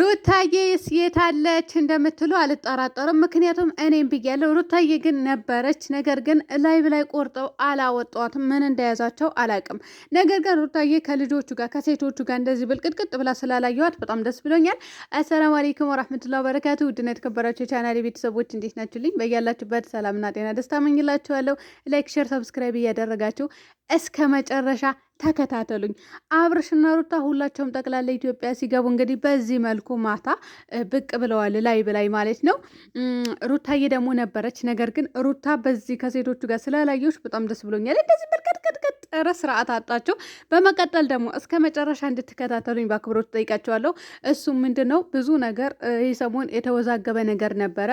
ሩታዬስ የታለች እንደምትሉ አልጠራጠርም። ምክንያቱም እኔም ብያለሁ። ሩታዬ ግን ነበረች፣ ነገር ግን ላይ ብላይ ቆርጠው አላወጧትም። ምን እንደያዛቸው አላቅም። ነገር ግን ሩታዬ ከልጆቹ ጋር ከሴቶቹ ጋር እንደዚህ ብልቅጥቅጥ ብላ ስላላየዋት በጣም ደስ ብሎኛል። አሰላሙ አሌይኩም ወራህመቱላ በረካቱ። ውድና የተከበራቸው የቻናሌ ቤተሰቦች እንዴት ናችሁልኝ? በያላችሁበት ሰላምና ጤና ደስታ መኝላችኋለሁ። ላይክ፣ ሼር፣ ሰብስክራይብ እያደረጋችሁ እስከ መጨረሻ ተከታተሉኝ። አብርሽና ሩታ ሁላቸውም ጠቅላላ ኢትዮጵያ ሲገቡ እንግዲህ በዚህ መልኩ ማታ ብቅ ብለዋል፣ ላይ ብላይ ማለት ነው። ሩታዬ ደግሞ ነበረች። ነገር ግን ሩታ በዚህ ከሴቶቹ ጋር ስላላየሁሽ በጣም ደስ ብሎኛል። እንደዚህ ብልቅጥቅጥቅጥ ረ ስርዓት አጣቸው። በመቀጠል ደግሞ እስከ መጨረሻ እንድትከታተሉኝ በአክብሮት ጠይቃቸዋለሁ። እሱ ምንድን ነው ብዙ ነገር ይህ ሰሞን የተወዛገበ ነገር ነበረ።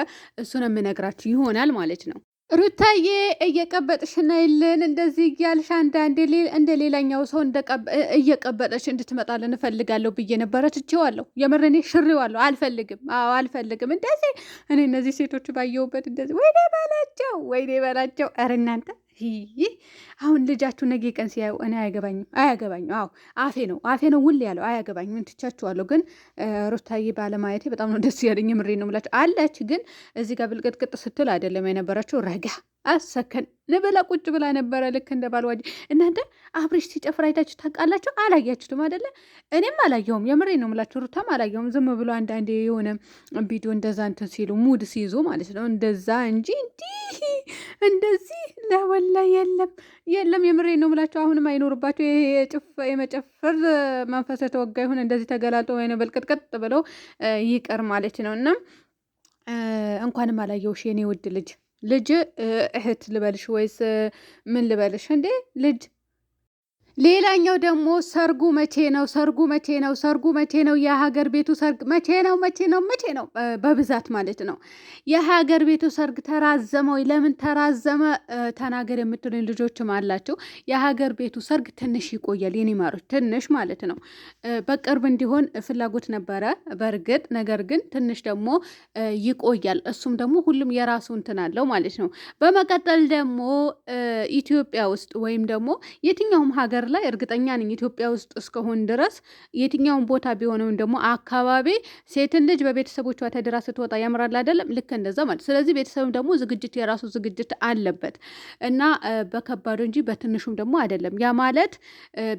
እሱን የምነግራችሁ ይሆናል ማለት ነው። ሩታዬ እየቀበጥሽ የለን እንደዚህ እያልሽ አንዳንዴ እንደ ሌላኛው ሰው እየቀበጠሽ እንድትመጣልን እፈልጋለሁ ብዬ ነበረ። ትቼዋለሁ፣ የምሬን ሽሬዋለሁ። አልፈልግም፣ አዎ አልፈልግም። እንደዚህ እኔ እነዚህ ሴቶች ባየሁበት እንደዚህ ወይኔ በላቸው፣ ወይኔ በላቸው። ኧረ እናንተ ይህ አሁን ልጃችሁ ነገ ቀን ሲያዩ እኔ አያገባኝም አያገባኝም። አዎ አፌ ነው አፌ ነው ውል ያለው አያገባኝም። እንትቻችኋለሁ ግን ሩታዬ ባለማየቴ በጣም ነው ደስ ያለኝ። ምሬ ነው ምላችሁ አለች። ግን እዚህ ጋር ብልቅጥቅጥ ስትል አይደለም የነበረችው ረጋ አሰከን ልበላ ቁጭ ብላ ነበረ። ልክ እንደ ባልዋጅ እናንተ አብሬሽ ሲጨፍር አይታችሁ ታውቃላችሁ? አላያችሁትም አይደለ? እኔም አላየውም የምሬ ነው የምላችሁ። ሩታም አላየሁም። ዝም ብሎ አንዳንዴ የሆነ ቪዲዮ እንደዛ እንትን ሲሉ ሙድ ሲይዞ ማለት ነው እንደዛ እንጂ እንዲህ እንደዚህ ለወላ የለም የለም። የምሬ ነው የምላችሁ። አሁንም አይኖርባቸው የመጨፈር መንፈስ የተወጋ ይሁን እንደዚህ ተገላልጦ ወይ በልቅጥቅጥ ብለው ይቀር ማለት ነው እና እንኳንም አላየውሽ የኔ ውድ ልጅ ልጅ እህት ልበልሽ ወይስ ምን ልበልሽ? እንዴ ልጅ ሌላኛው ደግሞ ሰርጉ መቼ ነው? ሰርጉ መቼ ነው? ሰርጉ መቼ ነው? የሀገር ቤቱ ሰርግ መቼ ነው? መቼ ነው? መቼ ነው? በብዛት ማለት ነው። የሀገር ቤቱ ሰርግ ተራዘመ ወይ? ለምን ተራዘመ ተናገር የምትሉኝ ልጆችም አላቸው። የሀገር ቤቱ ሰርግ ትንሽ ይቆያል የኔ ማሮች፣ ትንሽ ማለት ነው። በቅርብ እንዲሆን ፍላጎት ነበረ በእርግጥ ነገር ግን ትንሽ ደግሞ ይቆያል። እሱም ደግሞ ሁሉም የራሱ እንትን አለው ማለት ነው። በመቀጠል ደግሞ ኢትዮጵያ ውስጥ ወይም ደግሞ የትኛውም ሀገር ነገር ላይ እርግጠኛ ነኝ ኢትዮጵያ ውስጥ እስከሆን ድረስ የትኛውን ቦታ ቢሆንም ደግሞ አካባቢ ሴትን ልጅ በቤተሰቦቿ ተድራ ስትወጣ ያምራል አይደለም? ልክ እንደዛ ማለት ስለዚህ ቤተሰብም ደግሞ ዝግጅት የራሱ ዝግጅት አለበት እና በከባዱ እንጂ በትንሹም ደግሞ አይደለም። ያ ማለት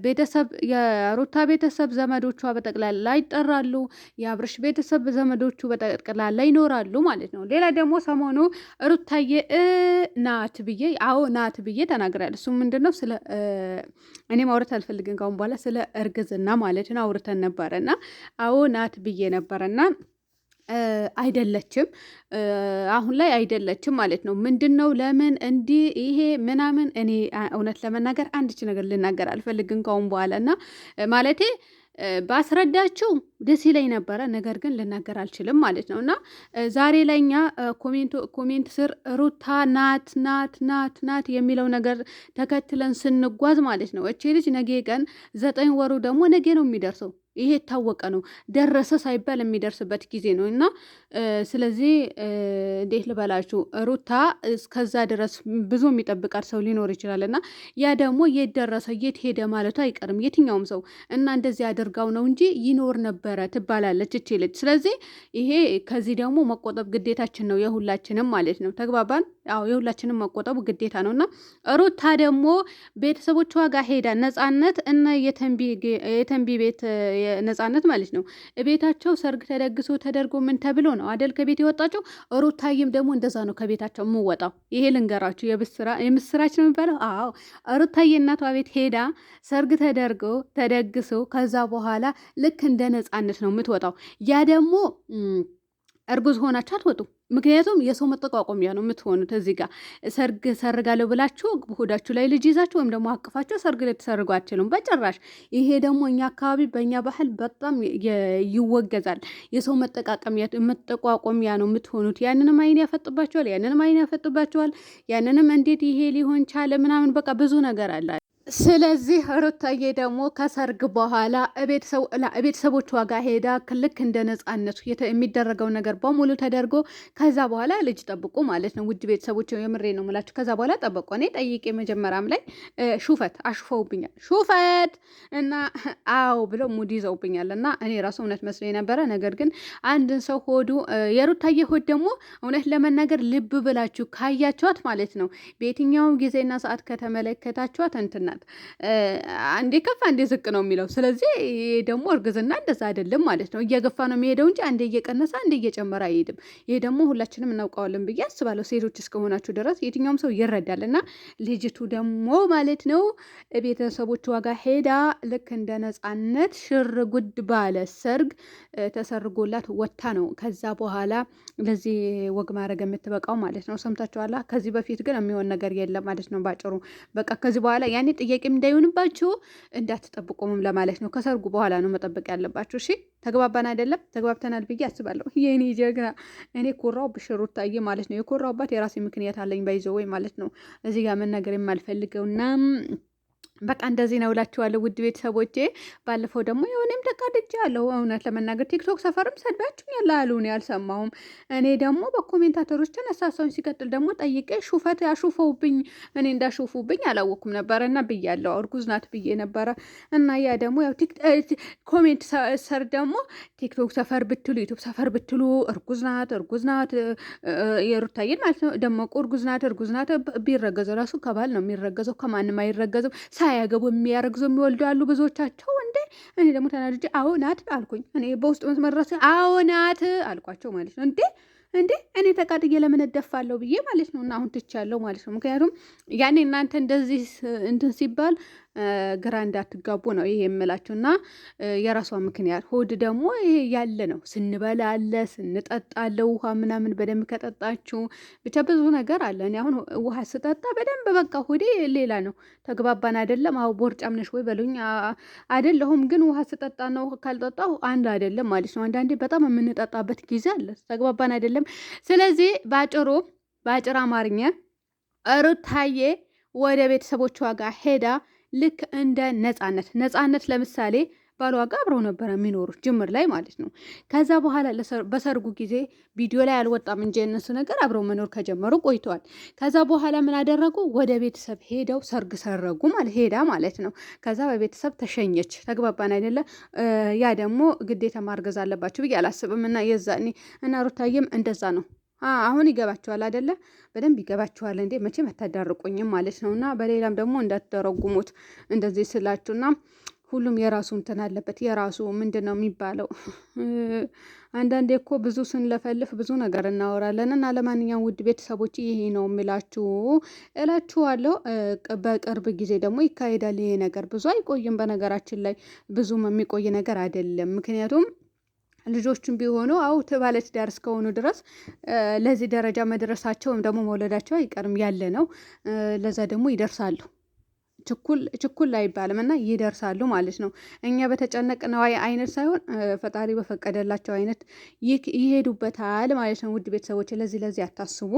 ቤተሰብ የሩታ ቤተሰብ ዘመዶቿ በጠቅላላ ይጠራሉ። የአብርሽ ቤተሰብ ዘመዶቹ በጠቅላላ ይኖራሉ ማለት ነው። ሌላ ደግሞ ሰሞኑ ሩታዬ ናት ብዬ አዎ ናት ብዬ ተናግራል። እሱ ምንድን ነው ስለ እኔ ማውረት አልፈልግም ካሁን በኋላ ስለ እርግዝና ማለት ነው። አውርተን ነበረና አዎ ናት ብዬ ነበረና አይደለችም አሁን ላይ አይደለችም ማለት ነው። ምንድን ነው ለምን እንዲህ ይሄ ምናምን እኔ እውነት ለመናገር አንድች ነገር ልናገር አልፈልግም ካሁን በኋላ እና ማለቴ ባስረዳችሁ ደስ ይለኝ ነበረ። ነገር ግን ልናገር አልችልም ማለት ነው እና ዛሬ ላይ እኛ ኮሜንት ስር ሩታ ናት ናት ናት ናት የሚለው ነገር ተከትለን ስንጓዝ ማለት ነው እቺ ልጅ ነጌ ቀን ዘጠኝ ወሩ ደግሞ ነጌ ነው የሚደርሰው ይሄ የታወቀ ነው። ደረሰ ሳይባል የሚደርስበት ጊዜ ነው እና ስለዚህ እንዴት ልበላችሁ ሩታ እስከዛ ድረስ ብዙ የሚጠብቃት ሰው ሊኖር ይችላል እና ያ ደግሞ የት ደረሰ የት ሄደ ማለቱ አይቀርም የትኛውም ሰው እና እንደዚህ አድርጋው ነው እንጂ ይኖር ነበረ ትባላለች እቺ ልጅ። ስለዚህ ይሄ ከዚህ ደግሞ መቆጠብ ግዴታችን ነው የሁላችንም ማለት ነው። ተግባባን። ያው የሁላችንም መቆጠቡ ግዴታ ነው እና ሩታ ደግሞ ቤተሰቦቿ ጋር ሄዳ ነጻነት እና የተንቢ ቤት ነጻነት ማለት ነው ቤታቸው ሰርግ ተደግሶ ተደርጎ ምን ተብሎ ነው አደል ከቤት የወጣቸው። ሩታይም ደግሞ እንደዛ ነው ከቤታቸው የምወጣው። ይሄ ልንገራችሁ የምስራች ነው የሚባለው። አዎ ሩታዬ እናቷ ቤት ሄዳ ሰርግ ተደርጎ ተደግሶ ከዛ በኋላ ልክ እንደ ነጻነት ነው የምትወጣው። ያ ደግሞ እርጉዝ ሆናችሁ አትወጡም ምክንያቱም የሰው መጠቋቆሚያ ነው የምትሆኑት። እዚህ ጋር ሰርግ ሰርጋለሁ ብላችሁ ሆዳችሁ ላይ ልጅ ይዛችሁ ወይም ደግሞ አቅፋችሁ ሰርግ ልትሰርጉ አትችሉም በጭራሽ። ይሄ ደግሞ እኛ አካባቢ በእኛ ባህል በጣም ይወገዛል። የሰው መጠቃቀሚያ መጠቋቆሚያ ነው የምትሆኑት። ያንንም አይን ያፈጥባችኋል፣ ያንንም አይን ያፈጥባችኋል፣ ያንንም እንዴት ይሄ ሊሆን ቻለ ምናምን በቃ ብዙ ነገር አለ። ስለዚህ ሩታዬ ደግሞ ከሰርግ በኋላ ቤተሰቦቿ ጋር ሄዳ ክልክ እንደ ነጻነቱ የሚደረገው ነገር በሙሉ ተደርጎ ከዛ በኋላ ልጅ ጠብቁ ማለት ነው። ውድ ቤተሰቦች የምሬ ነው የምላችሁ። ከዛ በኋላ ጠበቁ። እኔ ጠይቄ መጀመሪያም ላይ ሹፈት አሹፈውብኛል። ሹፈት እና አዎ ብለው ሙድ ይዘውብኛል። እና እኔ ራሱ እውነት መስሎ የነበረ ነገር ግን አንድን ሰው ሆዱ የሩታዬ ሆድ ደግሞ እውነት ለመናገር ልብ ብላችሁ ካያችኋት ማለት ነው በየትኛውም ጊዜና ሰዓት ከተመለከታችኋት እንትና ናት። አንዴ ከፍ አንዴ ዝቅ ነው የሚለው። ስለዚህ ደግሞ እርግዝና እንደዛ አይደለም ማለት ነው። እየገፋ ነው የሚሄደው እንጂ አንዴ እየቀነሰ አንዴ እየጨመረ አይሄድም። ይሄ ደግሞ ሁላችንም እናውቀዋለን ብዬ አስባለሁ። ሴቶች እስከሆናችሁ ድረስ የትኛውም ሰው ይረዳል። እና ልጅቱ ደግሞ ማለት ነው ቤተሰቦች ዋጋ ሄዳ ልክ እንደ ነጻነት ሽር ጉድ ባለ ሰርግ ተሰርጎላት ወታ ነው። ከዛ በኋላ ለዚህ ወግ ማድረግ የምትበቃው ማለት ነው። ሰምታችኋላ። ከዚህ በፊት ግን የሚሆን ነገር የለም ማለት ነው። ባጭሩ በቃ ከዚህ በኋላ ያኔ ጥያቄ እንዳይሆንባችሁ እንዳትጠብቁምም ለማለት ነው። ከሰርጉ በኋላ ነው መጠበቅ ያለባችሁ። እሺ ተግባባን አይደለም? ተግባብተናል ብዬ አስባለሁ። የኔ ጀግና እኔ ኮራው ብሽሩ ታዬ ማለት ነው። የኮራውባት የራሴ ምክንያት አለኝ ባይዘወይ ማለት ነው። እዚህ ጋር መናገር የማልፈልገውና በቃ እንደዚህ ነው እላችኋለሁ፣ ውድ ቤተሰቦቼ። ባለፈው ደግሞ የሆነም ደቃድጃ ያለው እውነት ለመናገር ቲክቶክ ሰፈርም ሰድባችሁኝ ያለ አሉ እኔ ደግሞ በኮሜንታተሮች ተነሳሳሁኝ። ሲቀጥል ደግሞ ጠይቄ ሹፈት ያሹፈውብኝ እኔ እንዳሹፉብኝ አላወኩም ነበረ እና ብያለሁ፣ እርጉዝ ናት ብዬ ነበረ እና ያ ደግሞ ያው ኮሜንት ሰር ደግሞ ቲክቶክ ሰፈር ብትሉ ዩቱብ ሰፈር ብትሉ እርጉዝ ናት፣ እርጉዝ ናት የሩታዬን ማለት ነው። ደመቁ እርጉዝ ናት፣ እርጉዝ ናት። ቢረገዘው ራሱ ከባል ነው የሚረገዘው፣ ከማንም አይረገዘው ሳያገቡ የሚያረግዙ የሚወልዱ ያሉ ብዙዎቻቸው እንደ እኔ ደግሞ ተናድጄ አዎ ናት አልኩኝ። እኔ በውስጥ መስመር ድረስ አዎ ናት አልኳቸው ማለት ነው እንዴ እንዴ እኔ ተቃጥዬ ለምን እደፋለሁ ብዬ ማለት ነው። እና አሁን ትቻለሁ ማለት ነው። ምክንያቱም ያኔ እናንተ እንደዚህ እንትን ሲባል ግራ እንዳትጋቡ ነው ይሄ የምላችሁ። እና የራሷ ምክንያት ሆድ ደግሞ ይሄ ያለ ነው። ስንበላ አለ፣ ስንጠጣ አለ። ውሃ ምናምን በደንብ ከጠጣችሁ ብቻ ብዙ ነገር አለ። እኔ አሁን ውሃ ስጠጣ በደንብ በቃ ሆዴ ሌላ ነው። ተግባባን አይደለም? አሁ ቦርጫም ነሽ ወይ በሉኝ። አይደለሁም ግን ውሃ ስጠጣ ነው ካልጠጣሁ አንድ አይደለም ማለት ነው። አንዳንዴ በጣም የምንጠጣበት ጊዜ አለ። ተግባባን አይደለም? ስለዚህ ባጭሩ በአጭር አማርኛ ሩታዬ ወደ ቤተሰቦቿ ጋር ሄዳ ልክ እንደ ነፃነት ነፃነት ለምሳሌ ባሏ ጋር አብረው ነበረ የሚኖሩ ጅምር ላይ ማለት ነው። ከዛ በኋላ በሰርጉ ጊዜ ቪዲዮ ላይ አልወጣም እንጂ የነሱ ነገር አብረው መኖር ከጀመሩ ቆይተዋል። ከዛ በኋላ ምን አደረጉ? ወደ ቤተሰብ ሄደው ሰርግ ሰረጉ ማለት ሄዳ ማለት ነው። ከዛ በቤተሰብ ተሸኘች። ተግባባን አይደለ? ያ ደግሞ ግዴታ ማርገዝ አለባቸው ብዬ አላስብም። እና የዛ እና ሩታዬም እንደዛ ነው አሁን ይገባችኋል አደለ? በደንብ ይገባችኋል። እንዴ መቼም አታዳርቁኝም ማለት ነው። እና በሌላም ደግሞ እንዳትተረጉሙት እንደዚህ ስላችሁና ሁሉም የራሱ እንትን አለበት። የራሱ ምንድን ነው የሚባለው? አንዳንዴ እኮ ብዙ ስንለፈልፍ ብዙ ነገር እናወራለን እና ለማንኛውም ውድ ቤተሰቦች ይሄ ነው የምላችሁ እላችኋለሁ። በቅርብ ጊዜ ደግሞ ይካሄዳል ይሄ ነገር። ብዙ አይቆይም። በነገራችን ላይ ብዙም የሚቆይ ነገር አይደለም። ምክንያቱም ልጆቹም ቢሆኑ አው ዳር እስከሆኑ ድረስ ለዚህ ደረጃ ወይም ደግሞ መውለዳቸው አይቀርም ያለ ነው። ለዛ ደግሞ ይደርሳሉ። ችኩል ችኩል አይባልም እና ይደርሳሉ ማለት ነው። እኛ በተጨነቅነው አይነት ሳይሆን ፈጣሪ በፈቀደላቸው አይነት ይሄዱበታል ማለት ነው። ውድ ቤተሰቦች ለዚህ ለዚህ አታስቡ።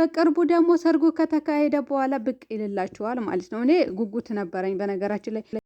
በቅርቡ ደግሞ ሰርጉ ከተካሄደ በኋላ ብቅ ይልላችኋል ማለት ነው። እኔ ጉጉት ነበረኝ በነገራችን ላይ